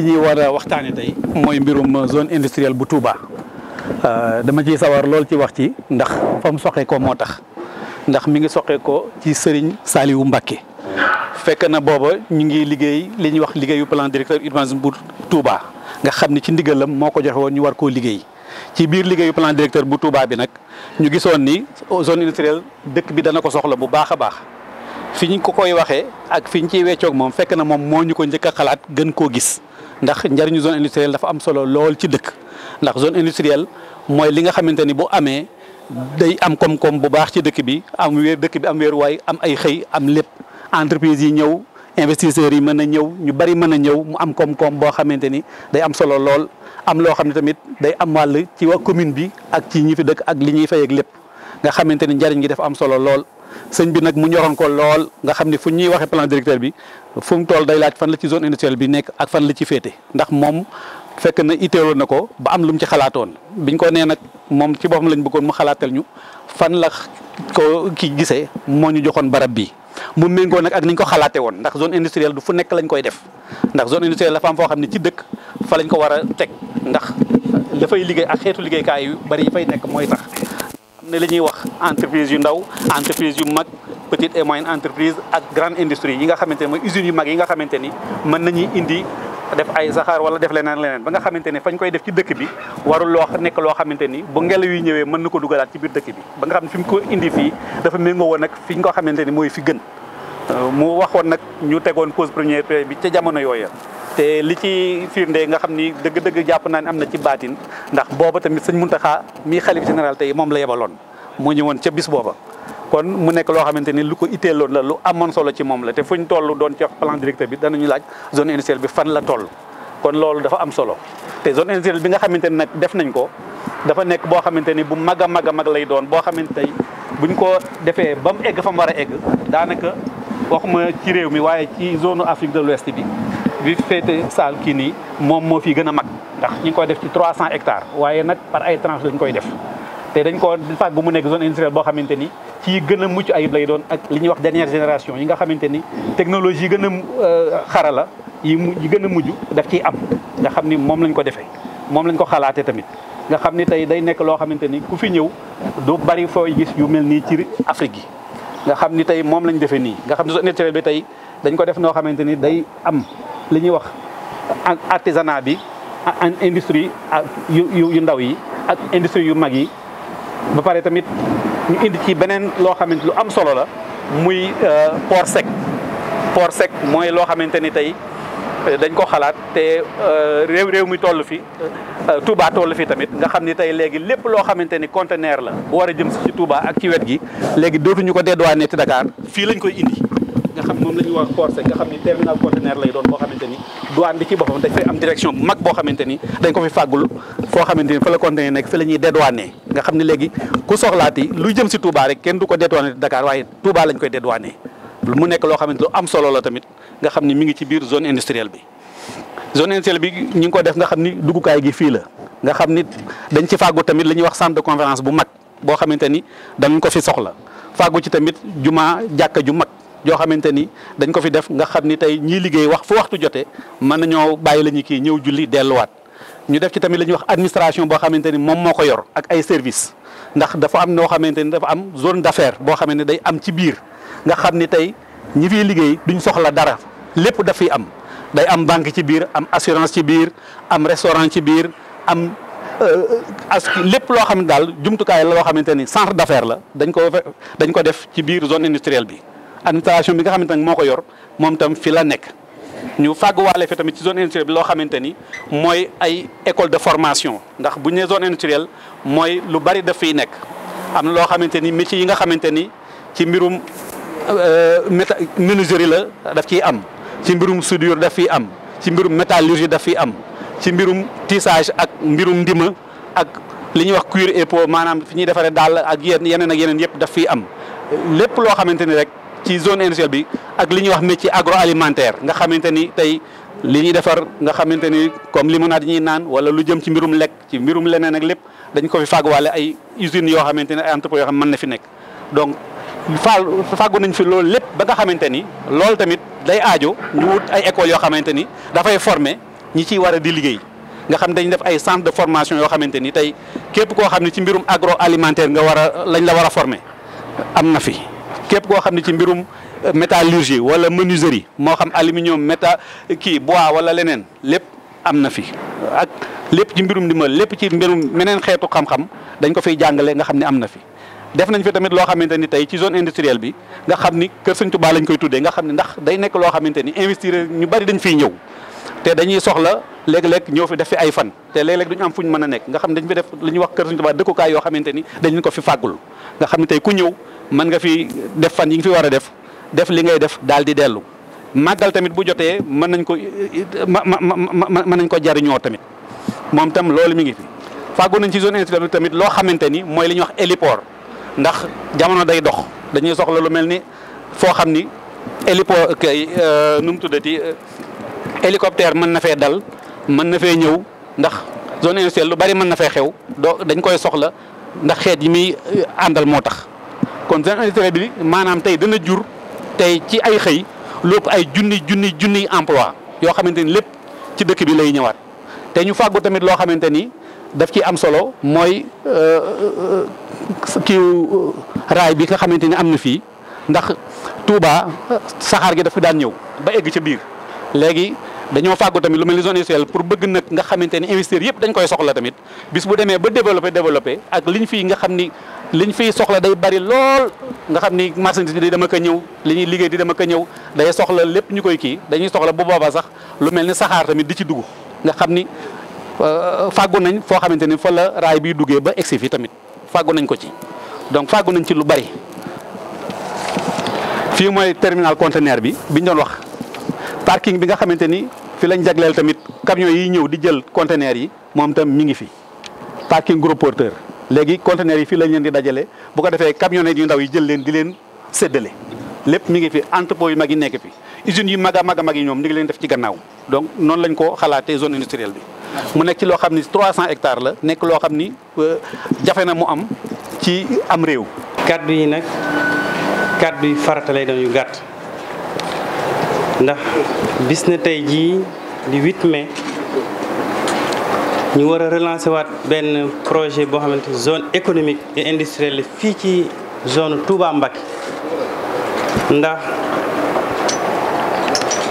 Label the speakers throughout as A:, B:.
A: li ñuy war a waxtaanee tey mooy mbirum zone industrielle bu Touba euh, dama ciy sawar lool ci wax ci ndax fa mu soqee ko moo tax ndax mi ngi soqee ko ci Serigne Saliou Mbacké fekk na booba ñu ngi liggéey li ñuy wax liggéeyu plan directeur urbanisme bu Touba nga xam ne ci ndigalam moo ko joxe woon ñu war koo liggéey ci biir liggéeyu plan directeur bu Touba bi nag ñu gisoon ni zone industrielle dëkk bi dana ko soxla bu baax a baax fi ñu ko koy waxee ak fi ñu ciy weccoog moom fekk na moom moo ñu ko njëkk a xalaat gën koo gis ndax njëriñu zone industrielle dafa am solo lool ci dëkk ndax zone industrielle mooy li nga xamante ni bu amee day am koom-koom bu baax ci dëkk bi am wéer dëkk bi am wéeruwaay am ay xëy am lépp entreprise yi ñëw investisseurs yi mën a ñëw ñu bari mën a ñëw mu am koom-koom boo xamante ni day am solo lool am loo xam ne tamit day am wàll ci waa commune bi ak ci ñi fi dëkk ak li ñuy fay ak lépp nga xamante ni njëriñ gi dafa am solo lool. sëñ bi nag mu ñoroon ko lool nga xam ne ñuy waxee plan directeur bi fu mu toll day laaj fan la ci zone industrielle bi nekk ak fan la ci féete ndax moom fekk na itteeloon na ko ba am lu mu ci xalaatoon biñ ko nee nag moom ci boppam lañ bëggoon mu xalaatal ñu fan la ko ki gisee moo ñu joxoon barab bi mu méngoo nag ak niñ ko xalaate woon ndax zone industrielle du fu nekk lañ koy def ndax zone industrielle dafa am foo xam ne ci dëkk fa lañ ko war a teg ndax dafay liggéey ak xeetu liggéeykaay yu bari yi fay nekk mooy tax ne li ñuy wax entreprise yu ndaw entreprise yu mag petite et moyenne entreprise ak grande industrie yi nga xamante ne mooy usines yu mag yi nga xamante ni mën nañuy indi def ay saxaar wala def leneen leneen ba nga xamante ne fañ koy def ci dëkk bi warul loo nekk loo xamante ni bu ngelaw yi ñëwee mën na ko dugalaat ci biir dëkk bi ba nga xam ne fi mu ko indi fii dafa méngoo woon nag fi ñu ko xamante ni mooy fi gën mu waxoon nag ñu tegoon pause première pierre bi ca jamono yooya. te li ci firnde nga xam ni dëgg-dëgg jàpp naa ne am na ci baatin ndax booba tamit sëñ Muntaxa mii xalif général tey moom la yebaloon mu ñëwoon ca bis booba. kon mu nekk loo xamante ni lu ko itteeloon la lu amoon solo ci moom la te fuñ toll doon ci plan directeur bi danañu laaj zone industrielle bi fan la toll. kon loolu dafa am solo te zone industrielle bi nga xamante ni nag def nañ ko dafa nekk boo xamante ni bu mag a mag mag lay doon boo xamante ni buñ ko defee ba mu egg fa mu a egg waxuma ci réew mi waaye ci zone Afrique de l'Ouest bi bi féete saal kii nii moom moo fi gën a mag ndax ñu ngi koy def ci trois 300 hectares waaye nag par ay tranche lañ koy def te dañ ko fàgg bu mu nekk zone industrielle boo xamante ni ci gën a mujj ayib lay doon ak li ñuy wax dernière génération yi nga xamante ni technologie gën a euh, xarala yi yi gën a mujj daf ciy am nga xam ni moom lañ ko defee moom lañ ko xalaatee tamit nga xam ni tey day nekk loo xamante ni ku fi ñëw du bari fooy gis yu mel nii ci Afrique yi nga xam ni tey moom lañ defee nii nga xam ni zone industrielle bi tey dañ ko def noo xamante ni day am li ñuy wax artisanat bi ak industrie yu yu ndaw yi ak industrie yu mag yi ba pare tamit ñu indi ci beneen loo xamante lu am solo la muy euh, por sec por sec mooy loo xamante ni tey dañ ko xalaat te euh, réew réew mi toll fi euh, euh, Touba toll fi tamit nga xam ni tey léegi lépp loo xamante ni conteneur la bu war a jëm si ci Touba ak ci wet gi léegi dootuñu ko dédouané ci Dakar fii lañ koy indi nga xam moom la ñuy wax forcé nga xam ni terminal conteneur lay doon boo xamante ni douane bi ci boppam dañ am direction bu mag boo xamante ni dañ ko fi fàggul foo xamante ni fa la conteneur nekk la ñuy dédouané nga xam ni léegi ku soxlaati lu jëm si Touba rek kenn du ko dédouané Dakar waaye Touba lañ koy dédouané mu nekk loo xamante lu am solo la tamit nga xam ni mi ngi ci biir zone industrielle bi zone industrielle bi ñu ngi ko def nga xam ni duggukaay gi fii la nga xam ni dañ ci fàggu tamit li ñuy wax centre de conférence bu mag boo xamante ni dañ ko fi soxla fàggu ci tamit jumaa jàkka ju mag joo xamante ni dañ ko fi def nga xam ni tey ñii liggéey wax fu waxtu jotee mën nañoo bàyyi la ñu kii ñëw julli delluwaat ñu def ci tamit la ñuy wax administration boo xamante ni moom moo ko yor ak ay service ndax dafa am noo xamante ni dafa am zone d'affaires boo xamante ni day am ci biir nga xam ni tey ñi fiy liggéey duñ soxla dara lépp daf am day am banque ci biir am assurance ci biir am restaurant ci biir am euh, as lépp loo xam ne daal jumtukaay la loo xamante ni centre d'affaires la dañ ko dañ ko def ci biir zone industrielle bi administration bi nga xamante ne moo ko yor moom tam fi la nekk ñu fàgguwaale fi tamit ci zone industrielle bi loo xamante ni mooy ay école de formation ndax bu ñu nee zone industrielle mooy lu bari daf fiy nekk xamante ni yi nga xamante ni ci mbirum Euh, méta menuiserie la daf ciy am ci mbirum soudure daf fiy am ci mbirum métallurgie daf fiy am ci mbirum tissage ak mbirum ndima ak li ñuy wax cuir et peau maanaam fi ñuy defaree daal ak yeneen ak yeneen yëpp daf fiy am lépp loo xamante ni rek ci zone industrielle bi ak li ñuy wax métier agroalimentaire nga xamante ni tey li ñuy defar nga xamante ni comme limonade ñuy naan wala lu jëm ci mbirum lekk ci mbirum leneen ak lépp dañ ko fi fàgguwaale ay usines yoo xamante ne ay entrepôt yoo xam mën na fi nekk faal fàggu nañ fi loolu lépp ba nga xamante ni loolu tamit day aajo ñu wut ay écoles yoo xamante ni dafay former ñi ciy war a di liggéey nga xam dañ def ay centre de formation yoo xamante ni tey képp koo xam ne ci mbirum agro alimentaire nga war a lañ la war a former am na fi képp koo xam ne ci mbirum euh, métallurgie wala menuiserie moo xam aluminium métal kii bois wala leneen lépp am na fi ak lépp ci mbirum ndimbal lépp ci mbirum meneen xeetu xam-xam dañ ko fiy jàngale nga xam ne am na fi def nañ fi tamit loo xamante ni tey ci zone industrielle bi nga xam ni kër Sëñ Tuubaa lañ koy tuddee nga xam ni ndax day nekk loo xamante ni investir ñu bari dañ fiy ñëw te dañuy soxla léeg-léeg ñëw fi def ay fan te léeg-léeg duñu am fuñ mën a nekk nga xam ne dañ fi def li ñuy wax kër Sëñ Tuubaa dëkkukaay yoo xamante ni dañ ko fi fàggul nga xam ne tey ku ñëw mën nga fi def fan yi nga fi war a def def li ngay def daal di dellu màggal tamit bu jotee mën nañ ko mën nañ ko jariñoo tamit moom tam loolu mi ngi fi fàggu nañ ci zone industrielle bi tamit loo xamante ni mooy li ñuy wax héliport ndax jamono day dox dañuy soxla lu mel ni foo xam ni hélipo kay euh, nu mu tuddati euh, hélicoptère mën na fee dal mën na fee ñëw ndax zone industrielle lu bari mën na fee xew doo dañ koy soxla ndax xeet yi muy euh, àndal moo tax. kon zone industrielle bi maanaam tey dana jur tey ci ay xëy lépp ay junni junni junni emploi yoo xamante ni lépp ci dëkk bi lay ñëwaat te ñu fàggu tamit loo xamante ni. daf ci am solo mooy euh, euh, euh, kii raay bi nga xamante ni am na fii ndax Touba saxaar gi dafa daan ñëw ba egg ca biir léegi dañoo fàggu tamit lu mel ni zone industrielle pour bëgg nag nga xamante ni investisseurs yëpp dañ koy soxla tamit bis bu demee ba développé développé ak liñ fii nga xam ni liñ fiy soxla day bari lool nga xam ni marchandise di dama ko ñëw li ñuy liggéey di dama ko ñëw day soxla lépp ñu koy kii dañuy soxla bu boobaa sax lu mel ni saxaar tamit di ci dugg nga xam ni Euh, fàggu nañ foo xamante ni fa raay bi duggee ba egsi fi tamit fàggu nañ ko ci donc fàggu nañ ci lu bari fii mooy terminal conteneur bi biñ doon wax parking bi nga xamante ni fi lañ jagleel tamit camion yi ñëw di jël conteneur yi moom tam mi ngi fi parking gros porteur léegi conteneur yi fii lañ leen di dajale bu ko defee camionnette yu ndaw yi jël leen di leen séddale lépp mu ngi fi entrepôt yu mag yi nekk fi usines yu mag a mag a mag yi ñoom ñu ngi leen def ci gannaaw donc noonu lañ ko xalaate zone industrielle bi mu nekk ci loo xam ni 300 hectares la nekk loo xam ni euh, jafe na mu am ci am réew kàddu yi nag kàddu yi farata lay doon yu gàtt ndax
B: bis na tey jii di huit mai ñu war a relancer waat benn projet boo xamante zone économique et industrielle fii ci zone Touba Mbacké ndax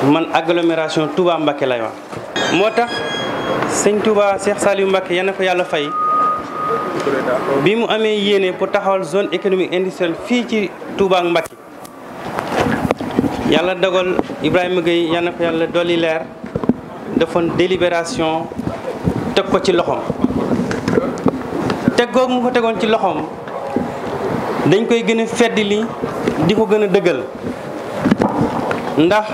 B: man agglomération Touba Mbacké lay wax moo tax sëñ Touba Cheikh Saliou Mbacké yal na ko yàlla fay bi mu amee yéene pour taxawal zone économique industrielle fii ci Touba Mbacké yàlla dogal Ibrahima Gueye yan na ko yàlla dolli leer defoon délibération teg ko ci loxoom teg googu mu ko tegoon ci loxoom dañ koy gën a fedd li di ko gën a dëggal ndax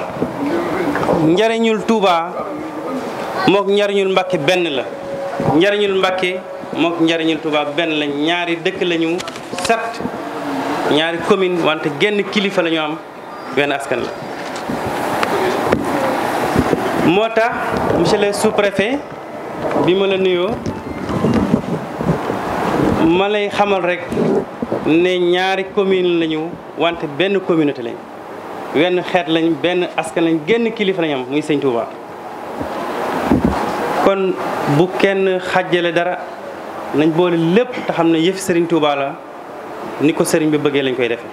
B: njariñul Touba mook njariñul Mbàkke benn la njariñul Mbàkke mook njariñul Touba benn la ñaari dëkk lañu sat ñaari commune wante genn kilifa lañu am benn askan la moo tax monsieur le sous bi ma la nuyoo ma lay xamal rek ne ñaari commune lañu wante benn communauté lañu wenn xeet lañ benn askan nañ génn kilifa lañ am muy sëñ Touba kon bu kenn xàjjale dara nañ boole lépp te xam ne yëfi sëriñ Touba la ni ko sëriñ bi bëggee lañ koy defe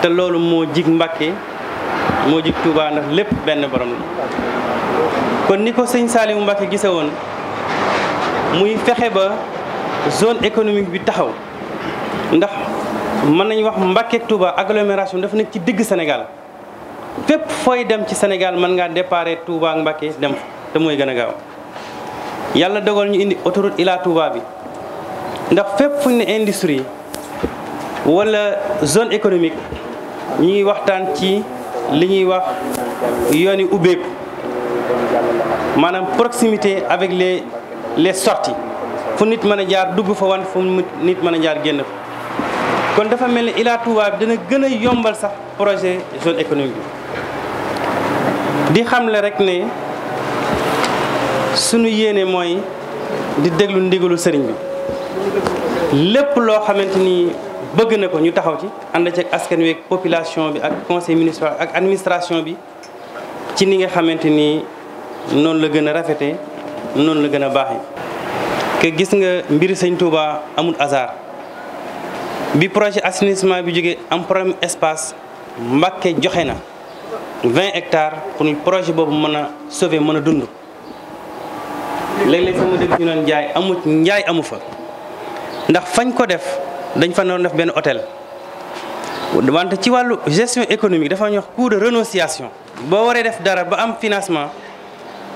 B: te loolu moo jig Mbàkke moo jig Touba ndax lépp benn borom la kon ni ko sëñ Saliou Mbàkke gise woon muy fexe ba zone économique bi taxaw ndax mën nañu wax Mbacké ak Touba agglomération dafa nekk ci digg Sénégal fépp fooy dem ci Sénégal mën ngaa déparé Touba ak dem fa te mooy gën a gaaw yàlla dogal ñu indi autoroute Ila Touba bi ndax fépp fu ñu ne industrie wala zone économique ñu ngi waxtaan ci li ñuy wax yoon yi ubbeeku maanaam proximité avec les les sorties fu nit mën a jaar dugg fa wan fu nit mën a jaar génn fa kon dafa mel ni Ila Touba bi dina gën a yombal sax projet zone économique bi di xamle rek ne sunu yéene mooy di déglu ndigalu sëriñ bi lépp loo xamante ni bëgg na ko ñu taxaw ci ànd ci ak askan wi ak population bi ak conseil municipal ak administration bi ci ni nga xamante ni noonu la gën a rafete noonu la gën a baaxe que gis nga mbir sëñ Touba amul hasard bi projet assainissement bi jógee am problème espace Mbacké joxe na 20 hectares pour projet boobu mën a sauver mën a dund léeg-léeg sama dégg ñu naan njaay amu njaay amu fa ndax fañ ko def dañ fa noonu def benn hôtel wante ci wàllu gestion économique dafa ñox wax de renonciation boo waree def dara ba am financement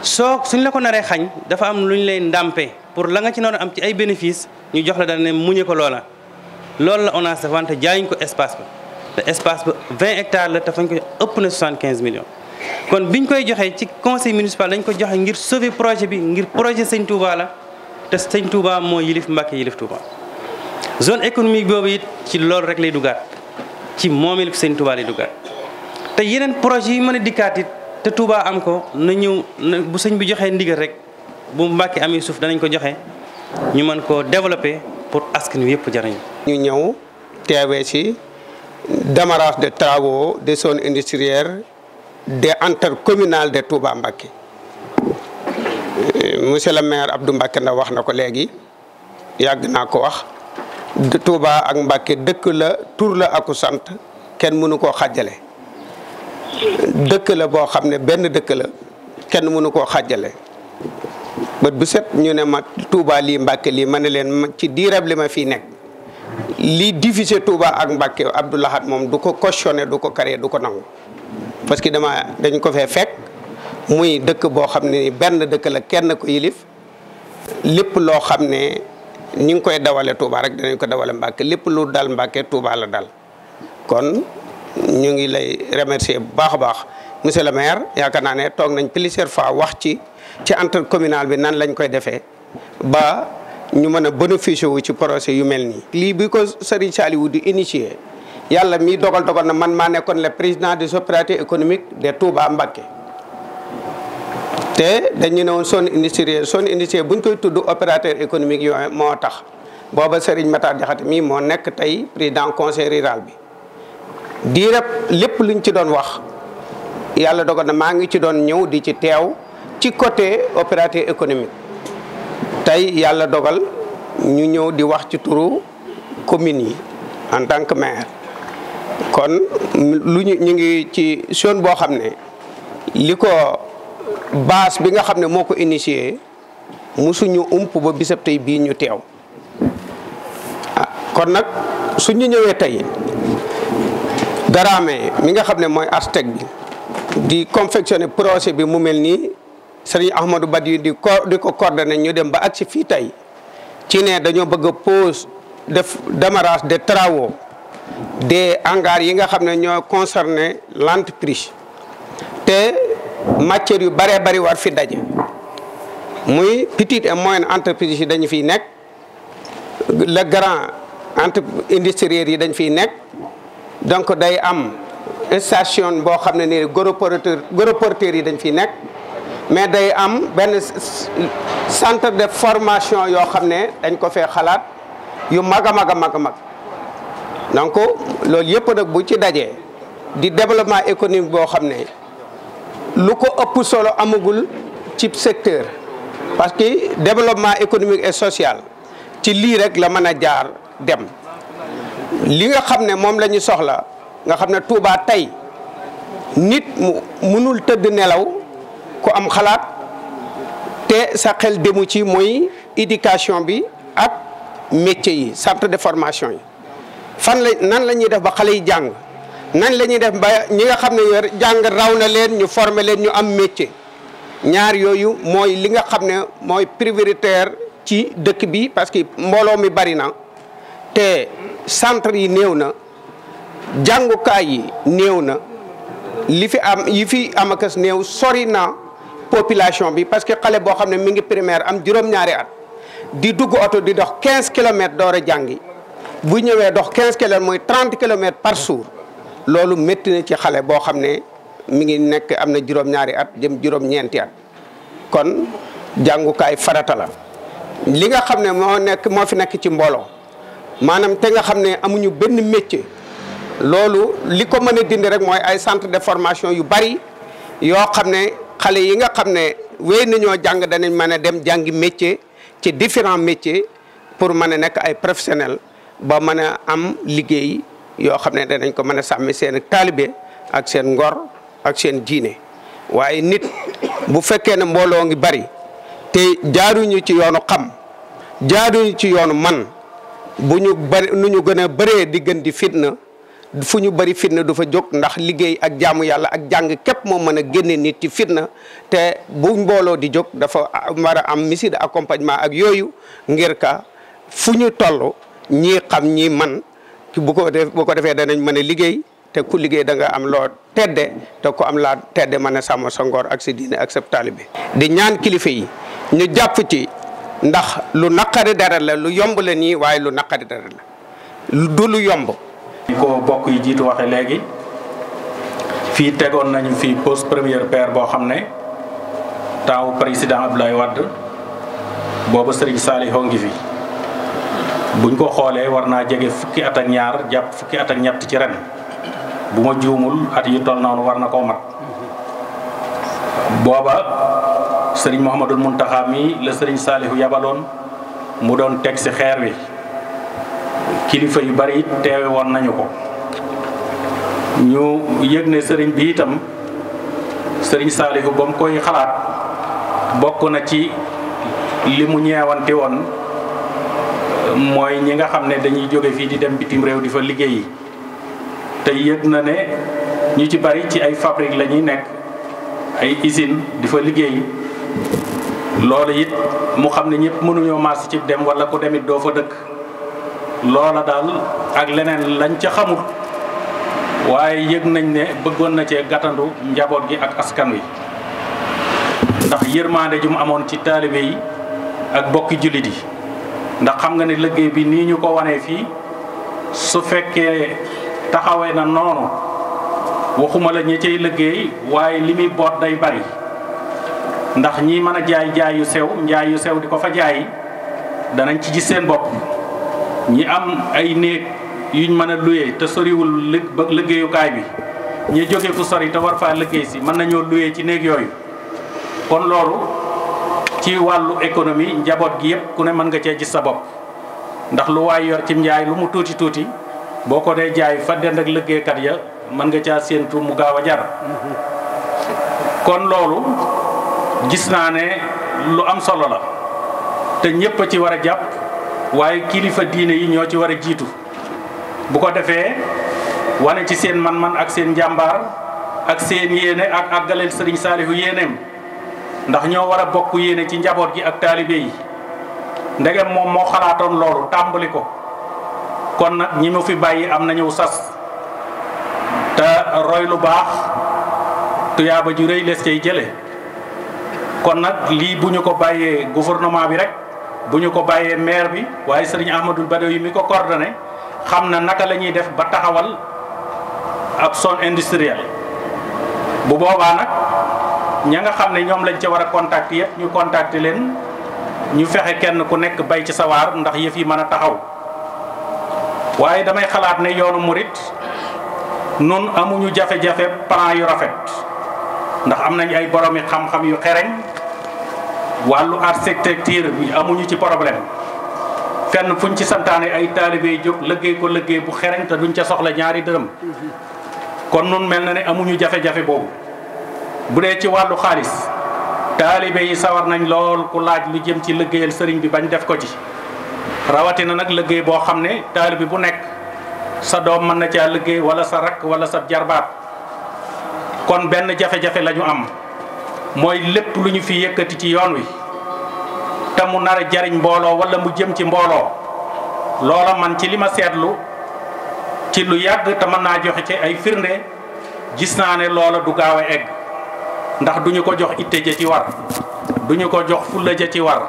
B: soo suñ la ko naree xañ dafa am lu ñu lay ndàmpe pour la nga ci noonu am ci ay bénéfices ñu jox la dara ne muñe ko loola loolu la ONAS def wante jaayuñ ko espace ba te espace ba 20 hectares la def fañ ko ëpp na 75 millions. kon ñu koy joxee ci conseil municipal dañ ko joxe ngir sauver projet bi ngir projet Sëñ Touba la te Sëñ Touba moo yilif Mbàkke yilif Touba. zone économique boobu it ci loolu rek lay dugaat ci moomeel Sëñ Touba lay duggaat te yeneen projet yi mën a dikkaatit te Touba am ko na ñëw bu sëñ bi joxee ndigal rek bu Mbàkke amee suuf danañ ko joxe
C: ñu mën koo développer. pour askan wi yëpp jariñ ñu ñëw teewee si démarrage de travaux des zones industrielles des intercommunales de Touba mbakki euh, monsieur le maire Abdou Mbacké na wax na ko léegi yàgg na ko wax Touba ak Mbacké dëkk la tour la aku sant kenn mënu koo xajale dëkk la boo xam ne benn dëkk la kenn mënu koo xajale bët bu set ñu ne ma Touba lii Mbacke lii ma ne leen ci diirab li ma fii nekk lii divisé Touba ak Mbacke Abdou Lahad moom du ko cautionné du ko carré du ko nangu. parce que dama dañ ko fee fekk muy dëkk boo xam ne benn dëkk la kenn ko yilif lépp loo xam ne ñi ngi koy dawale Touba rek dinañ ko dawale Mbacke lépp lu dal Mbacke Touba la dal kon ñu ngi lay remercier bu baax a baax. monsieur le maire yaakaar naa ne toog nañ plusieurs fois wax ci ci entre communal bi nan lañ koy defee ba ñu mën a bénéficier wu ci projet yu mel nii. lii bi ko Serigne Saliou di initier yàlla mii dogal dogal na man maa nekkoon le président des opérateurs économiques de Touba Mbacké te dañu ne woon zone industrielle zone industrielle bu ñu koy tudd opérateur économique yooyu moo tax booba Serigne Matar Diakhaté mii moo nekk tey président conseil rural bi di lépp lépp ci doon wax. yàlla dogal na maa ngi ci doon ñëw di ci teew ci côté opérateur économique tey yàlla dogal ñu ñëw di wax ci turu commune yi en tant que maire kon lu ñu ñu ngi ci zone boo xam ne li ko base bi nga xam ne moo ko initié musuñu ump ba bisab tey bii ñu teew ah, kon nag suñu ñëwee tey Dramé mi nga xam ne mooy architecte bi di confectionner projet bi mu mel nii sëriñ Ahmadou Badi di ko di ko coordonné ñu dem ba ak si fii tey ci ne dañoo bëgg a pose def démarrage de travaux des hangars yi nga xam ne ñoo concerné l'entreprise te matières yu bëree bëri fi daje muy petite et moyenne entreprise yi dañu fiy nekk le grand entre industriel yi dañ fiy nekk donc day am station boo xam ne nii gros porteur gros yi dañ fi nekk mais day am benn centre de formation yoo xam ne dañ ko fee xalaat yu mag a mag a mag a mag donc loolu yëpp nag bu ci dajee di développement économique boo xam ne lu ko ëpp solo amagul ci secteur parce que développement économique et social ci lii rek la mën a jaar dem li nga xam ne moom la ñu soxla nga xam ne Touba tey nit mu mënul tëdd nelaw ku am xalaat te sa xel demu ci mooy éducation bi ak métier yi centre de formation yi fan la nan la ñuy def ba xale yi jàng nan la ñuy def ba ñi nga xam ne jàng raw na leen ñu former leen ñu am métier ñaar yooyu mooy li nga xam ne mooy prioritaire ci dëkk bi parce que mbooloo mi bari na te centre yi néew na jàngukaay yi néew na li fi am yi fi amakas néew sori na population bi parce que xale boo xam ne mi ngi primaire am juróom-ñaari at di dugg oto di dox 15 kilomètres door a jàngi bu ñëwee dox 15 kilomètres mooy 30 kilomètres par jour loolu métti na ci xale boo xam ne mi ngi nekk am na juróom-ñaari at jëm juróom-ñeenti at kon jàngukaay farata la li nga xam ne moo nekk moo fi nekk ci mbooloo maanaam te nga xam ne amuñu benn métier. loolu li ko mën a dindi rek mooy ay centre de formation yu bari yoo xam ne xale yi nga xam ne wéy nañoo jàng danañ mën a dem jàngi métier ci différent métiers pour mën a nekk ay professionnel ba mën a am liggéey yoo xam ne danañ ko mën a sàmmi seen taalibe ak seen ngor ak seen diine waaye nit bu fekkee ne mbooloo ngi bari te jaaruñu ci yoonu xam jaaruñu ci yoonu man bu ñu nu ñu gën a bëree di fitna fu ñu bëri fitna du fa jóg ndax liggéey ak jaamu yàlla ak jàng képp moo mën a génne nit ci fitna te bu mbooloo di jóg dafa war a am mission accompagnement ak yooyu ngir ka fu ñu toll ñii xam ñii man bu ko def bu ko defee danañ mën a liggéey te ku liggéey da nga am loo tedde te ku am laa tedde mën a sàmm sa ngor ak sa diine ak sa bi di ñaan kilifa yi ñu jàpp ci ndax lu naqari dara la lu yomb la nii waaye lu naqari dara la du lu yomb ñi ko bokk yi
D: jiitu waxe léegi fii tegoon nañu fi pose première pierre boo xam ne taawu président lay wadd boobu Serigne Saliou ngi fi buñ ko xoolee war naa jege fukki at ñaar jàpp fukki at ak ñett ci ren bu ma juumul at yu toll noonu war na koo mat booba Serigne Mouhamadul Mountakha mi la Serigne Saliou yabaloon mu doon teg ci xeer wi kilifa yu bari it teewe woon nañu ko ñu yëg ne sëriñ bi itam sëriñ Saalihu ba mu koy xalaat bokk na ci li mu ñeewanti woon mooy ñi nga xam ne dañuy jóge fii di dem bitim réew di fa liggéey yi te yëg na ne ñu ci bari ci ay fabrique lañuy nekk ay usine di fa liggéey loolu it mu xam ne ñëpp mënuñoo màs ci dem wala ku demit doo fa dëkk loola daal ak leneen lañ ca xamul waaye yëg nañ ne bëggoon na cee gàttandu njaboot gi ak askan wi ndax yërmaande ju mu amoon ci taalibe yi ak bokki jullit yi ndax xam nga ne liggéey bi nii ñu ko wanee fii su fekkee taxawe na noonu waxuma la ñi cay liggéey waaye li muy boot day bari ndax ñi mën a jaay jaay yu sew njaay yu sew di ko fa jaay danañ ci gis seen bopp ñi am ay néeg yuñ mën a luyee te soriwul lë liggéeyukaay bi ñi jóge fu sori te war fa liggéey si mën nañoo luyee ci néeg yooyu kon loolu ci wàllu économie njaboot gi yëpp ku ne mën nga cee gis sa bopp ndax lu waay yor ci njaay lu mu tuuti tuuti boo ko dee jaay fa dend ak liggéeykat ya mën nga caa séentu mu gaaw a jar kon loolu gis naa ne lu am solo la te ñëpp ci war a jàpp waaye kilifa diine yi ñoo ci war a jiitu bu ko defee wane ci seen man-man ak seen njàmbaar ak seen yéene ak àggaleel sëriñ saalihu yéeneem ndax ñoo war a bokk yéene ci njaboot gi ak taalibe yi ndegem moom moo xalaatoon loolu tàmbali ko kon nag ñi mu fi bàyyi am na ñëw sas te roy lu baax tuyaaba ju rëy les cay jële kon nag lii bu ñu ko bàyyee gouvernement bi rek bu ñu ko bàyyee maire bi waaye sëriñ Ahmadul Badawi mi ko coordonné xam na naka la ñuy def ba taxawal ab son industrielle bu boobaa nag ña nga xam ne ñoom lañ ca war a contacter yëpp ñu contacter leen ñu fexe kenn ku nekk bay ci sawaar ndax yëf yi mën a taxaw waaye damay xalaat ne yoonu murit nun amuñu jafe-jafe plan yu rafet ndax am nañ ay boroomi xam-xam yu xereñ wàllu architecture bi amuñu ci problème fenn fuñ ci santaane ay taalibe jóg liggéey ko liggéey bu xereñ te duñ ca soxla ñaari dërëm kon nun mel na ne amuñu jafe-jafe boobu bu dee ci wàllu xaalis taalibe yi sawar nañ lool ku laaj lu jëm ci liggéeyal sëriñ bi bañ def ko ci rawatina nag liggéey boo xam ne taalibe bu nekk sa doom mën na caa liggéey wala sa rakk wala sa jarbaat kon benn jafe-jafe la am mooy lépp lu ñu fi yëkkati ci yoon wi te mu nar a jariñ mbooloo wala mu jëm ci mbooloo loola man ci li ma seetlu ci lu yàgg te mën naa joxe ci ay firnde gis naa ne loola du gaaw a egg ndax du ñu ko jox itte ja ci war du ñu ko jox fulla ja ci war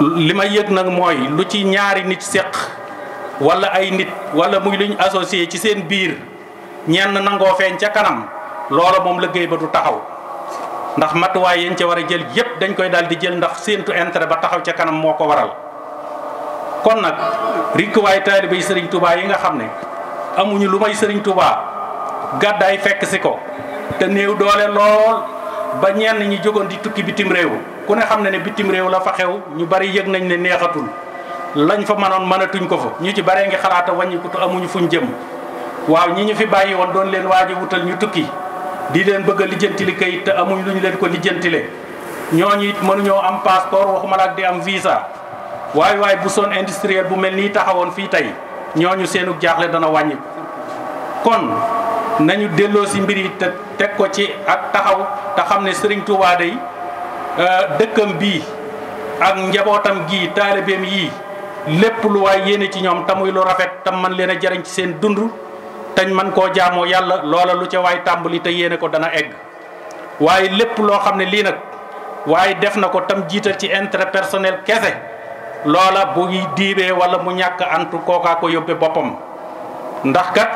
D: li ma yëg nag mooy lu ci ñaari nit seq walla ay nit wala muy luñ associé ci seen biir ñenn nangoo feeñ ca kanam loola moom liggéey ba du taxaw ndax matuwaay yañ ca war a jël yépp dañ koy daal di jël ndax séentu intérêt ba taxaw ca kanam moo ko waral kon nag rikkuwaay taalibe yi sëriñ Touba yi nga xam ne amuñu lu may sëriñ Touba gàddaay fekk si ko te néew doole lool ba ñenn ñi jógoon di tukki bitim réew ku ne xam ne ne bitim réew la fa xew ñu bari yëg nañ ne neexatul lañ fa mënoon mënatuñ ko fa ñu ci baree ngi xalaata wàññikutu amuñu fuñ jëm waaw ñi ñu fi bàyyi woon doon leen waaj wutal ñu tukki di leen bëgg a lijjantili kayit te amuñ lu ñu leen ko lijjantile ñoo ñooñu it mënuñoo am passeport waxuma la ak di am visa waaye waaye bu zone industrielle bu mel nii taxawoon fii tey ñooñu seenu jaaxle dana wàññi kon nañu delloo si mbir yi te teg ko ci ak taxaw te xam ne sëriñtuwaade yi euh, dëkkam bii ak njabootam gii taalibeem yii lépp lu waay yéene ci ñoom tamuy lu rafet tam man leen a jariñ ci seen dund tañ man koo jaamoo yàlla loola lu ca waay tàmbali te yéene ko dana egg waaye lépp loo xam ne lii nag waaye def na ko tam jiital ci intérêt personnel kese loola bu diibee wala mu ñàkk antu kookaa ko boppam ndax kat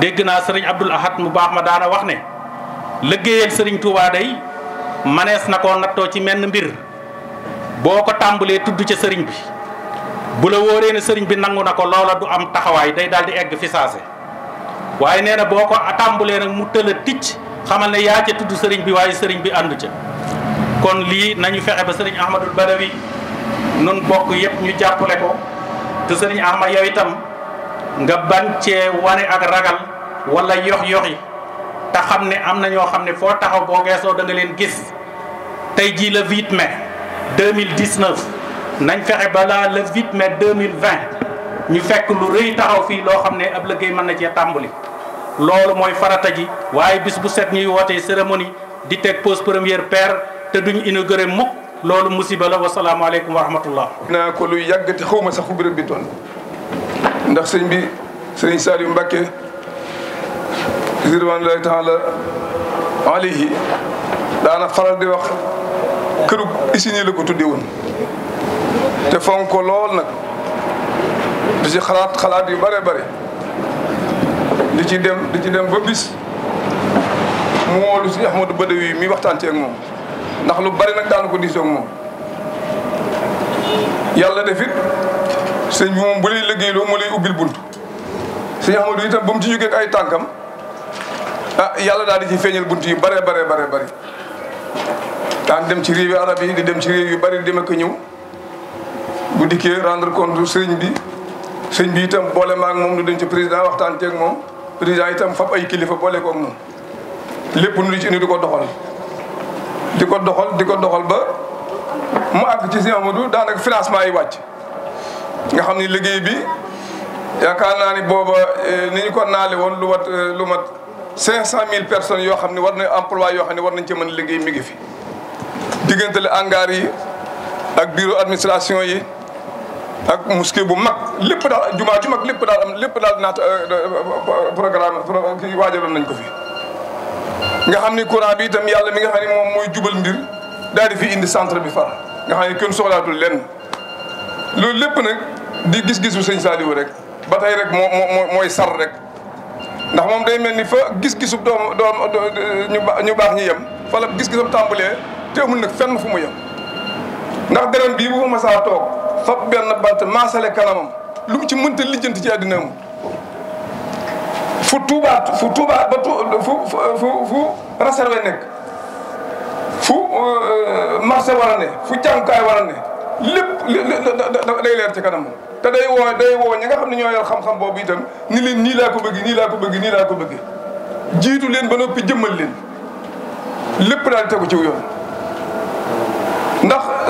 D: dégg naa sëriñ Abdul Ahad mu baax ma daana wax ne liggéeyal sëriñ Touba day manees na koo nattoo ci menn mbir boo ko tàmbalee tudd ca sëriñ bi bu la wóoree ne sëriñ bi nangu na ko loola du am taxawaay day daal di egg fi saase waaye nee na boo ko tàmbalee nag mu tëla ticc xamal ne yaa ca tudd sëriñ bi waaye sëriñ bi àndu ca kon lii nañu fexe ba sëriñ ahmadul badawi nun bokk yëpp ñu jàppale ko te sëriñ ahmad yow itam nga ban cee wane ak ragal wala yox yoxi te xam ne am na ñoo xam ne foo taxaw boo geesoo da leen gis tey jii le 8 mai 2019 nañ fexe balaa le 8 mai 2020 ñu fekk lu rëy taxaw fii loo xam ne ab liggéey mën na cee tàmbali loolu mooy farata ji waaye bis bu set ñuy wootee cérémonie di teg pose première pierre te duñ inauguré mukk loolu musiba la wasalaamaaleykum wa rahmatullah
E: ko luy yàgg xaw ma sax fu bi toll sëñ bi sëriñ Saliou Mbacke ridwanullahi taala alayhi daana faral di wax këru isini la ko tudde woon te fonk ko lool nag di ci xalaat xalaat yu bare bare di ci dem di ci dem ba bis mu woolu si Ahmadou Badawi mi waxtaan ceeg moom ndax lu bari nag daanu ko diisoo moom yàlla def it sëñ moom bu lay liggéeyloo mu lay ubbil bunt sëñ Ahmadou itam ba mu ci jógee ay tànkam ah yàlla daal di ci feeñal bunt yu bare bare bare bari daan dem ci réew yi arab yi di dem ci réew yu bari di dem ak ñëw bu dikkee rendre compte sëriñ bi sëñ bi itam boole maak moom nu dem ci président waxtaan ceeg moom président itam fab ay kilifa boole koog moom lépp nu di ci indi di ko doxal di ko doxal di ko doxal ba mu àgg ci si du daanaka financement yi wàcc nga xam ni liggéey bi yaakaar naa ni booba eh, ni ñu ko naale woon lu wat eh, lu mat cinq cent mille personnes yoo xam ne war na emploi yoo xam ne war na ci mën liggéey mi ngi fi diggantale hangar yi ak bureau administration yi ak mosquée bu mag lépp daal jumaa ju mag lépp daal lépp daal naata euh, euh, programme kii waajaloon nañ ko fi. nga xam ni courant bi itam yàlla mi nga xam ne moom mooy jubal mbir daal di fi indi centre bi far nga xam ne kenn soxlaatul leen loolu lépp nag di gis-gisu sëñ saadiwu rek ba tey rek moo mooy sar rek. ndax moom day mel ni fa gis-gisu doom doom ñu baax ñu yem fa gis-gisam tàmbalee nag fenn fu mu yem. ndax garan bii bu fa masaa toog fab benn bant maasale kanamam lu mu ci mënta lijjanti ci àddina amul fu tuubaat fu tuubaat ba fu fu fu réservé nekk fu euh, marché war ne fu jàngukaay war a ne lépp day leer ci kanamam te day woo day woo ñi nga xam ne ñoo yor xam-xam boobu ni leen nii ko bëgg nii laa ko bëgg laa ko bëgg jiitu leen ba noppi jëmmal leen lépp daal tegu ci yoon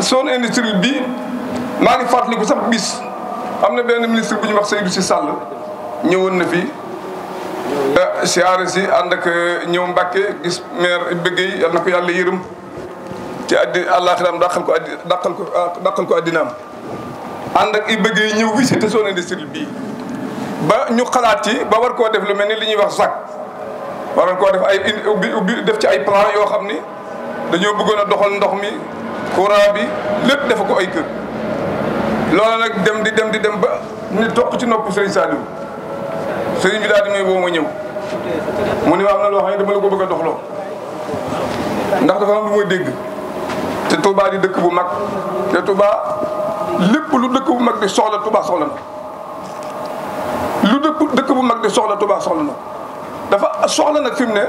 E: zone industrie bi maa ngi fàttaliku sax bis am na benn ministre bu ñu wax Seydou Sy Sall ñëwoon na fi eh, siyaare si ànd ak eh, ñëw Mbàkke gis maire bëggey yal na ko yàlla yërëm ci addi àllaaxiraam dàqal ko addi dàqal ko ah, dàqal ko addinaam ànd ak i bëggey ñëw visité zone industrie bi ba ñu xalaat yi ba war koo def lu mel ni li ñuy wax war waroon koo def ay ubbi ubbi def ci ay plan yoo xam ni dañoo bëggoon a doxal ndox mi courant bi lépp dafa ko ay kër loola nag dem di dem di dem ba ñu toq ci nopp Serigne Saliou Serigne bi daal di ma ñëw mu ne ma am na loo xam ne dama la ko bëgg a doxloo ndax dafa am lu ma dégg te Touba di dëkk bu mag te Touba lépp lu dëkk bu mag di soxla Touba soxla na lu dëkk dëkk bu mag di soxla Touba soxla na dafa soxla nag fi mu ne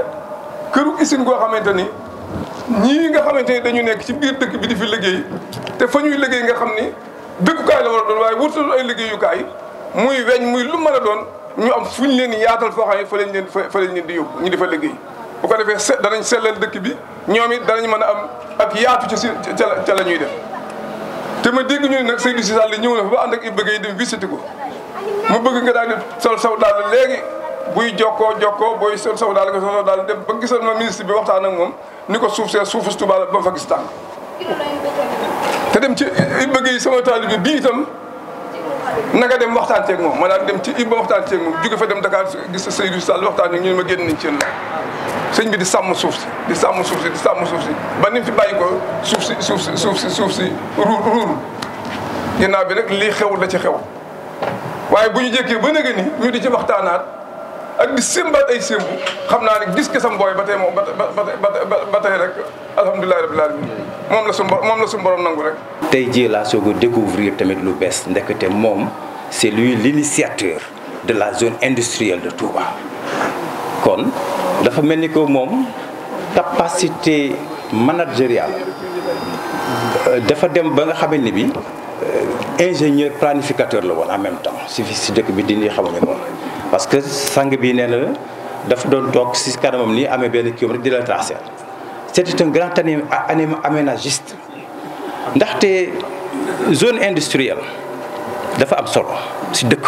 E: këru usine goo xamante ni. ñii nga xamante ni dañu nekk ci biir dëkk bi di fi liggéey te fa ñuy liggéey nga xam ni dëkkukaay la war a doon waaye wurtul ay liggéeyukaay muy weñ muy lu mën a doon ñu am fu ñu leen yaatal foo xam yi fa lañ leen fa lañ leen di yóbbu ñu di fa liggéey bu ko defee se danañ sellal dëkk bi ñoom it danañ mën a am ak yaatu ca si ca la ñuy def te ma dégg ñu ne nag Seydou Cissé Sall ñëw na fa ba ànd ak i bëgg yi dem visité ko mu bëgg nga daal di sol saw daal léegi buy jokkoo jokkoo booy sol saw daal daal dem ba gisoon ma ministre bi waxtaan ak moom ni ko suuf see suufu Tuuba la ba fa gis tànk te dem ci ibba gi sama taalibe bi itam naka dem waxtaan ceeg moom ma daan dem ci ibba waxtaan ceeg moom jóge fa dem Dakar gis sa Seydou Sall waxtaan ñu ne ma génn nañ ci la sëñ bi di sàmm suuf si di sàmm suuf si suuf si ba ni mu fi bàyyi ko suuf si suuf si suuf si suuf si ruur ruur ginnaaw bi nag lii xew la ci xew waaye bu ñu jékkee ba nag ñu di ci ak di simbaat ay simbu xam naa ne gis kesam booy ba tey moom ba ba tey rek alhamdulilah rabbil alamin moom la suñu moom la suñu borom nangu rek.
F: tey jii laa soog découvrir tamit lu bees ndekete moom c'est lui l'initiateur de la zone industrielle de Touba kon dafa mel ni que moom capacité managériale euh, dafa dem ba nga xamee ni bi euh, ingénieur planificateur la woon en même temps si fi dëkk bi dindi xamuñu moom. parce que sang bi nee na dafa doon toog si kanamam nii amee benn kii rek di la tracé c'était un grand anim anim ndaxte zone industrielle dafa am solo si dëkk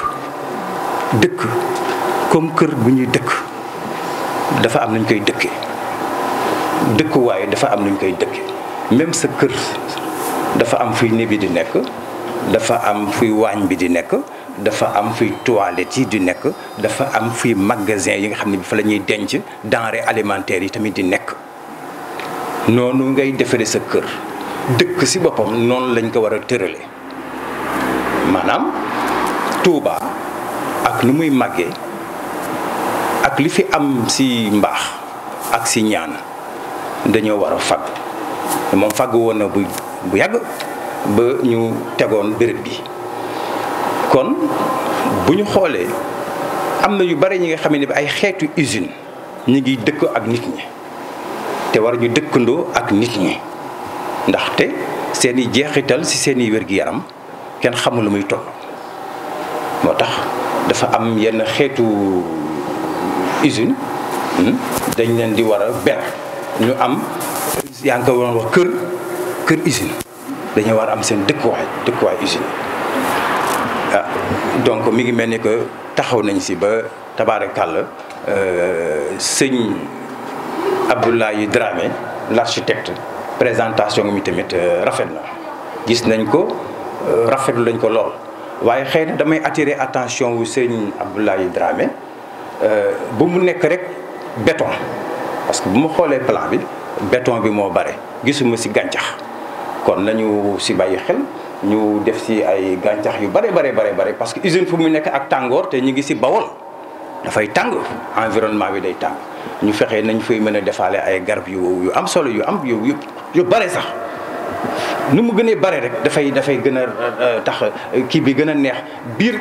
F: dëkk comme kër bu ñuy dëkk dafa am nañ koy dëkkee dëkkuwaay dafa am nañ koy dëkkee même sa kër dafa am fuy néeg bi di nekk dafa am fuy waañ bi di nekk dafa am fi toilettes yi di nekk dafa am fi magasin yi nga xam ne bi fa lañuy denc denrées alimentaires yi tamit di nekk noonu ngay defaree sa kër dëkk si boppam noonu lañ ko war a tërale maanaam Touba ak nu muy màggee ak lu fi am si mbaax ak si ñaan dañoo war a fagg moom fag woon na bu bu yàgg ba ñu tegoon béréb bi kon bu ñu xoolee am na yu bari ñi nga xam ne bi ay xeetu usine ñu ngi dëkkoo ak nit ñi te war ñu dëkkandoo ak nit ñi ndaxte seeni jeexital ci seen i wér-gi-yaram kenn xamul lu muy toll moo tax dafa am yenn xeetu usine hmm, dañ leen di war a ber ñu am yaa ngi ko waroon kër kër usine dañu war a am seen dëkkuwaay dëkkuwaay usine donc mi ngi mel ni que taxaw nañ si ba tabaarakàlla euh, sëñ Abdoulaye Dramé l'architecte présentation mi tamit euh, rafet na gis nañ ko euh, rafetlu lañ ko lool waaye xëy damay attirer attention wu sëñ Abdoulaye Dramé bu mu nekk rek béton parce que bu ma xoolee plan bi béton bi moo bare gisuma si gàncax kon nañu si bàyyi xel ñu def si ay gàncax yu bare bare bare bare parce que usine fu mu nekk ak tàngoor te ñu ngi si Bawol dafay tàng environnement bi day tàng ñu fexe nañ fay mën a defaale ay garab yu yu am solo yu am yu yu bare sax nu mu gënee bare rek dafay dafay gën a euh, tax kii bi gën a neex biir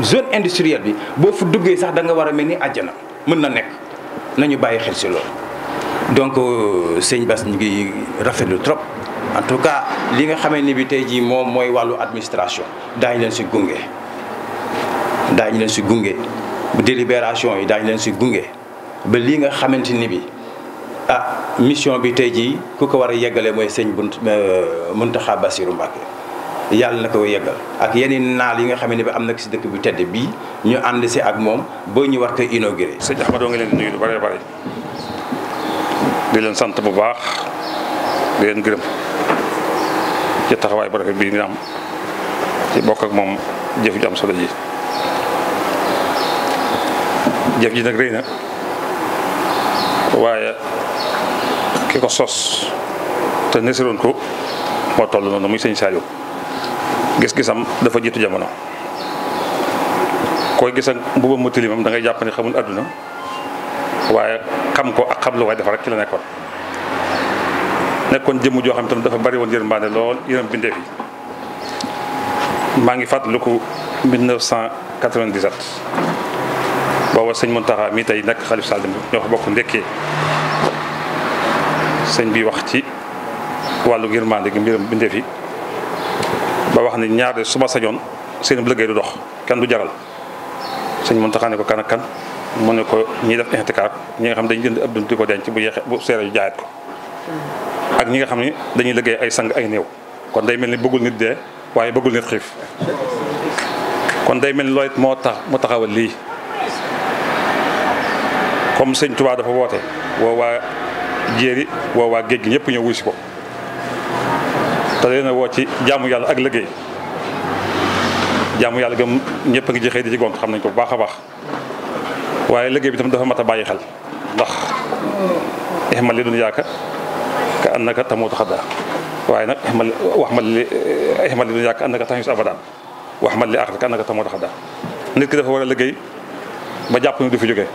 F: zone industrielle bi boo fu duggee sax da nga war a mel ni àjjana mën na nekk nañu bàyyi xel si loolu donc euh, sëñ bas ñu ngi rafetlu trop. en tout cas li nga xamee ni bi tey jii moom mooy wàllu administration daañ leen si gunge daañ leen si gunge bu délibération yi daañ leen si gunge ba lii nga xamante ni bi ah mission bi tey jii ku ko war a yeggalee mooy sëñ bunt euh, Muntaxa Basiru Mbàkke yàlla na ko yeggal ak yeneen naal yi nga xam bi am na si dëkk bu tedd bii ñu ànd si ak moom ba ñu
G: war ko inauguré. sëñ Ahmadou nga leen di nuyu lu bari bari di leen sant bu baax di leen gërëm. ci taxawaay bu rafet bii ñu am bokk ak moom jëf ju am solo ji jëf ji nag rëy na waaye ki ko sos te nesiroon ko moo toll noonu muy sëñ Saliou gis-gisam dafa jiitu jamono koy gis ak mbubam mu tilimam da ngay xamul àdduna waaye xam ko ak xam lu waaye dafa rek ci la nekkoon nekkoon jëmm joo xam tam dafa bari woon yërmande lool yërëm bindee fi maa ngi fàttaliku 1997 booba sëñ Mountakha mii tey nekk xalif Sall ñoo ko bokk ndekkee sëñ bi wax ci wàllu yërmande gi mbiram bindee wax ni ñaar su ma sañoon seen liggéey du dox kenn du jaral sëñ Mountakha ne ko kan mu ne ko ñi def intikaaf ñi nga xam dañu jënd ab denc bu yeexe bu yu jaayat ko ak ñi nga xam ne dañuy liggéey ay sang ay néew kon day mel ni bëggul nit dee waaye bëggul nit xiif kon day mel ni looy moo tax mu taxawal lii comme sëñ Tuubaa dafa woote woo waa jéeri woo waa géej gi ñëpp ñëw wuusi ko te leen woo ci jaamu yàlla ak liggéey jaamu yàlla gam ñëpp a ngi jeexee di ci xam nañ ko bu baax a baax waaye liggéey bi tam dafa mat a bàyyi xel ndax ixmal li dun yaaka ka annaka tamuutu xadda waaye nag ihmal waxmal li ihmal li dunyaa ka annaka taxiis abadan li aaxira ka annaka nit ki dafa war a liggéey ba jàpp ni du fi jóge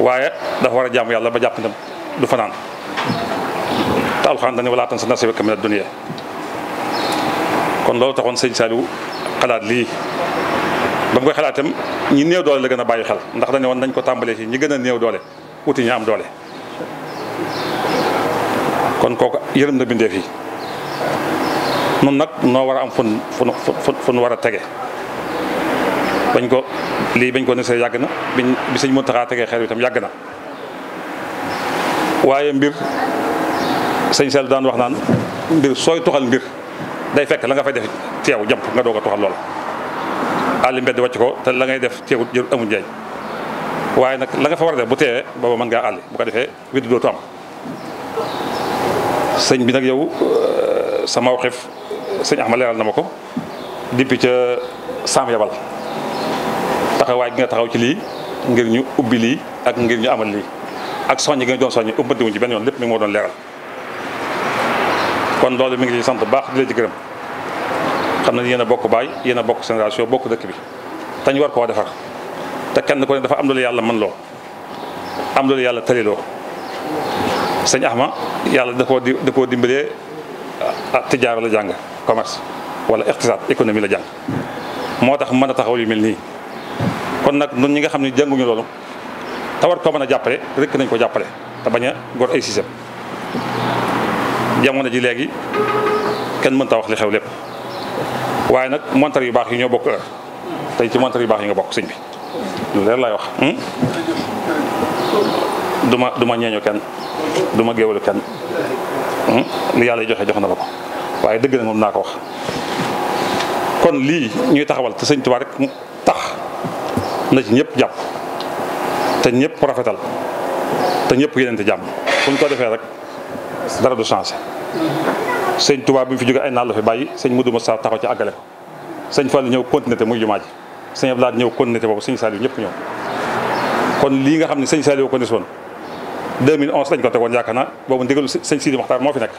G: waaye dafa war a jaamu yàlla ba jàpp ni du fanaan te alxuraan dañu walaa tansa nasiibaka mina dunya kon loolu taxoon sëñ Saliou xalaat lii ba mu koy xalaatam ñi néew doole la gën a bàyyi xel ndax dañu woon nañ ko tàmbalee ci ñi gën a néew doole wuti ñi am doole kon kooku yërëm na bindeef yi noonu nag noo war a am fun fun fun war a tege bañ ko lii bañ ko nesee yàgg na biñ bi sëñ Muntaxa tegee xeer bi tam yàgg na waaye mbir sëñ Sall daan wax naan mbir sooy toxal mbir day fekk la nga fay def teew jàmp nga doog a toxal loola àlli mbedd wàcc ko te la ngay def teewut jël amul njëriñ waaye nag la nga fa war a def bu teewee booba mën ngaa àlli bu ko defee widu dootu am sëñ bi nag yow euh, sama waxif sëñ Axma leeral na ma ko depuis ca saam yabal taxawaay gi nga taxaw ci lii ngir ñu ubbi lii ak ngir ñu amal lii ak soññ gi nga doon soññ ubbatiwuñ ci benn yoon lépp mi moo doon leeral kon loolu mi ngi ci sant bu baax di la ci gërëm xam na yéen a bokk baay yéen bokk génération bokk dëkk bi tañ war koo defar te kenn ko ne dafa am lu yàlla mën loo am lu yàlla tëliloo sëñ Axma yàlla da koo di da koo dimbalee ah, tijaara la jàng commerce wala iqtisaad économie la jàng moo tax mën a taxaw yu mel nii kon nag ñun ñi nga xam ne jànguñu loolu te war koo mën a jàppale rek nañ ko jàppale te bañ a gor ay système jamono ji léegi kenn mën ta wax la xew lépp waaye nag montar yu baax yi ñoo bokk heure tey ci montar baax yi nga bokk sëñ bi leer laay wax hmm? duma ma du kenn du ma géewalu kenn hmm? lu yàlla joxe jox na la ko waaye dëgg na moom naa ko wax kon lii ñuy taxawal te sëñ Tuubaa rek tax na ci ñëpp jàpp te ñëpp rafetal te ñëpp yeneen te jàmm buñ ko defee rek dara du changé sëñ bi mu fi jóge ay naal la fi bàyyi sëñ Mudu Musaa taxaw ci àggale ko sëñ Fallu ñëw continuité muy jumaa ji sëñ Abdu Lahat ñëw continuité boobu sëñ Saliou ñëpp ñëw kon lii nga xam ne sëñ Saliou ko nisoon 2011 lañ ko tegoon yaakaar naa boobu ndigalu sëñ Sidi Maxtaar moo fi nekk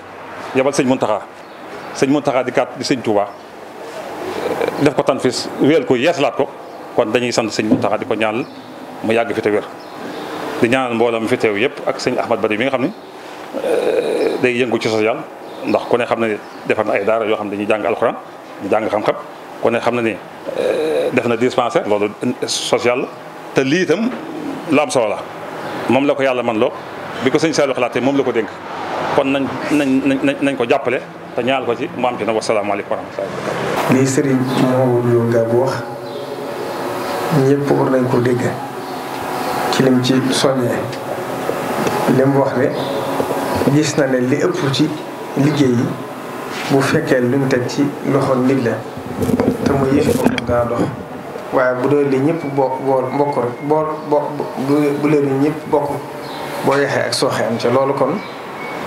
G: yabal sëñ Muntaxa sëñ Muntaxa di kat di sëñ Touba euh, def ko tan fis wéel ko yeesalaat ko kon dañuy sant sëñ Muntaxa di ko ñaanal mu yàgg fi te wér di ñaanal mbooloo mi fi yëpp ak sëñ Ahmad Bari mi nga xam ne euh, day yëngu ci social ndax ku ne xam ne defar na ay daara yoo xam ne dañuy jàng alxuraan ñu jàng xam-xam ku ne xam na ni euh, def na dispensaire loolu social la te lii lu am solo la moom la ko yàlla man loo bi ko sëñ Saliou xalaatee moom la ko dénk kon nañ nañ nañ nañ ko jàppale te ñaal ko ci mu am ci nag wasalaamaaleykum wa rahmatulah. lii
H: Serigne Mamadou Lo Ngabou wax ñëpp war nañ ko dégg ci lim ci soññee lim wax ne gis na ne li ëpp ci liggéey yi bu fekkee luñ teg ci loxo nit la te mu yëf ko daa dox. waaye bu doon li ñëpp bokk boo mbokk rek boo bo bu leen li ñëpp bokk boo yaxee ak sooxe am ca loolu kon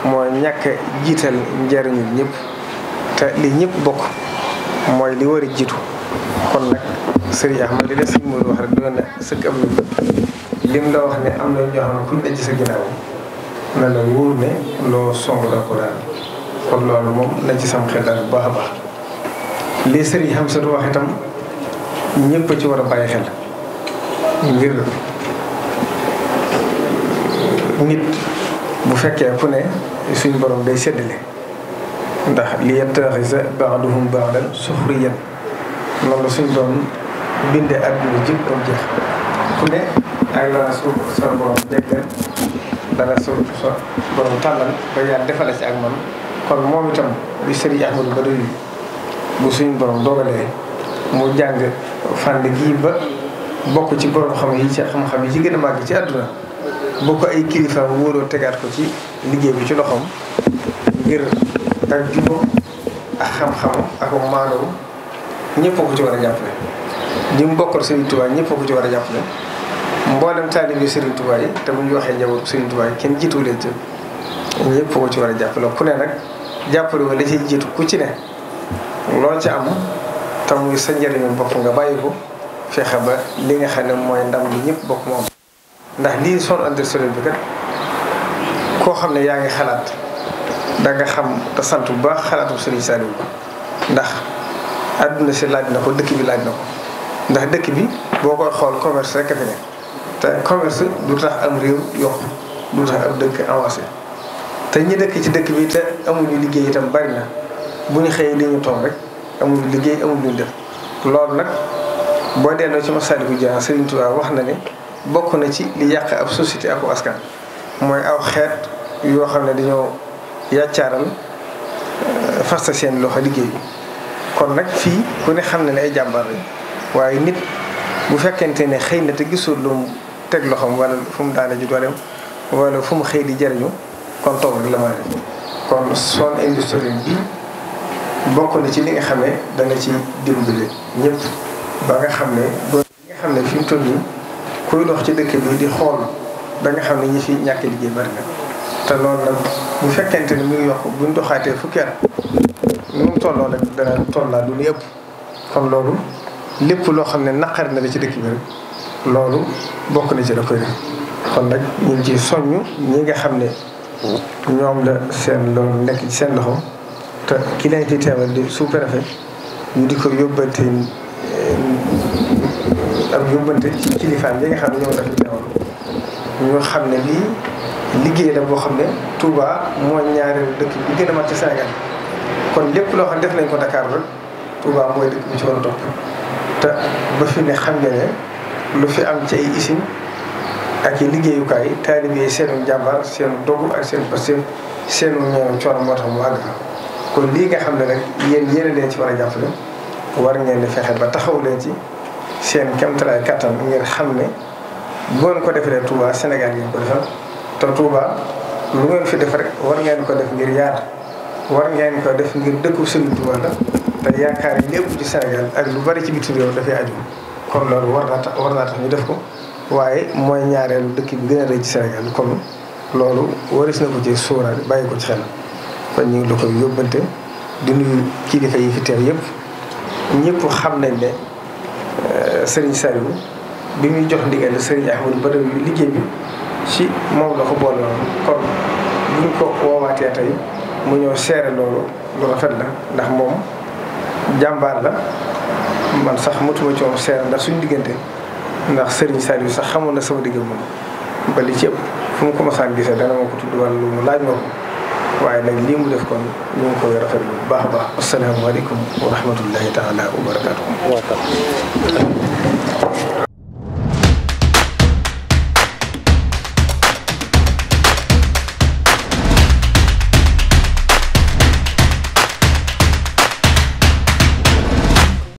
H: mooy ñàkk jiital njariñu ñëpp te li ñëpp bokk mooy li war a jiitu kon nag sëriñ Ahmad li am lim la wax ne am na ñoo sa ginnaaw na la wóor ne loo song loolu moom na ci sam xel bu baax a baax wax itam ñëpp ci war a bàyyi xel ngir nit bu fekkee ku ne suñ borom day séddale ndax li yattaxisa baaduhum baadan suxriyan noonu la suñ borom binde adduna jëpp ak jeex ku ne ak lana su sa borom jegleen dana su borom tàllal ba yàlla defale ci ak man kon moom itam bi sëriñ Ahmadu Badawi bu suñ borom dogalee mu jàng fànn gi ba bokk ci borom xam yi ci xam-xam yi ci gën a màgg ci àdduna bu ay kilifa wóoroo tegaat ko ci liggéey bi ci loxoom ngir ak jubóom ak xam-xam ak maanoo ñëpp ko ci war a jàppale. ñi mu bokkal Serigne Touba ñëpp ko ci war a jàppale mboolem taalibe Serigne Touba yi te bu ñu waxee njaboot Serigne Touba kenn jiituwu leen ci ñëpp ci war a jàppale ku ne nag jàppale wala la ciy jiitu ku ci ne loo ci am. te muy sa njëriñu bopp nga bàyyi ko fexe ba li nga xam ne mooy ndam li ñëpp bokk moom ndax lii son industrielle bi kat koo xam ne yaa ngi xalaat danga xam te sant bu baax xalaatu Serigne Saliou ndax àdduna si laaj na ko dëkk bi laaj na ko ndax dëkk bi boo koy xool commerce rek a fi ne te commerce lu tax am réew yokku du tax am dëkk avancé te ñi dëkk ci dëkk bi te amuñu liggéey itam bari na bu ñu xëyee li ñu toog rek. amul liggéey amul lu def loolu nag boo delloo ci Masaalikul Jinaan Sëriñ Tuubaa wax na ni bokk na ci li yàq ab société ak askan mooy aw xeet yoo xam ne dañoo yàccaaral euh, fasta seen loxo liggéey kon nag fii ku ne xam na ne ay jàmbaar lañ waaye nit bu fekkente ne xëy na te gisul lu teg loxoom wala fu mu daane ji dooleem wala fu mu xëy di jariñu kon toog la ma kon son industriel bi bokk na ci li nga xam ne dana ci dimbali ñëpp ba nga xam ne doon li nga xam ne fi mu toll nii kuy dox ci dëkk bi di xool da nga xam ne ñi fi ñàkk liggéey bari na te loolu nag bu fekkente ni mu ngi yokk buñ doxaatee fukki at nu mu tolloo rek dana tollaa du lu yëpp kon loolu lépp loo xam ne naqar na la ci dëkk bi loolu bokk na ci da koy def kon nag ñu ngi ciy soññ ñi nga xam ne ñoom la seen loolu nekk ci seen loxo te ki leen ci di sous-préfet ñu di ko yóbbante eh, ak yóbbante ci kilifaam yi nga xam ne ñoo def teewal ñu xam ne lii liggéey la boo xam ne Touba moo ñaareelu dëkk bi gën a mag ci Sénégal kon lépp loo xam ne def nañ ko Dakar rek Touba mooy dëkk bi ci war a topp te ba fi ne xam nga ne lu fi am ci ay usine ak i liggéeyukaay taalibe yi jàmbar seen seenu dogu ak seen pastéef seenu ñeewu coono moo tax mu àgg kon lii nga xam ne nag yéen yéen leen ci war a jàppale war ngeen di fexe ba taxaw leen ci seen kemtalaay kattan ngeen xam ne bu ko defalee Touba Sénégal ngeen ko defal te Touba lu ngeen fi def rek war ngeen ko def ngir yaar war ngeen ko def ngir dëkku Serigne Touba la te yaakaar lépp ci Sénégal ak lu bari ci bitim réew dafay aju kon loolu war naa tax war naa tax ñu def ko waaye mooy ñaareelu dëkk bi gën a rëy ci Sénégal kon loolu waris na ko ci sóoraale bàyyi ko kon ñu ngi la koy yóbbante di kii kilifa yi fi teew yëpp ñëpp xam nañ ne euh, Serigne Saliou bi muy jox ndigal Serigne Ahmadou Bada yu liggéey bi ci moom la ko boole kon bu ñu ko woowaatee tey mu ñëw seere loolu lu rafet la ndax moom jàmbaar la man sax matuma ci moom seere ndax suñu diggante ndax Serigne Saliou sax xamoon na sama digg moom ba li ci ëpp fu mu ko mosaan gisee dana ma ko tudd wàllu laaj ma waaye nag lii mu def kon ñu ngi koy rafetlu bu baax a baax asalaamaaleykum wa rahmatullahi taala wa barakaatu.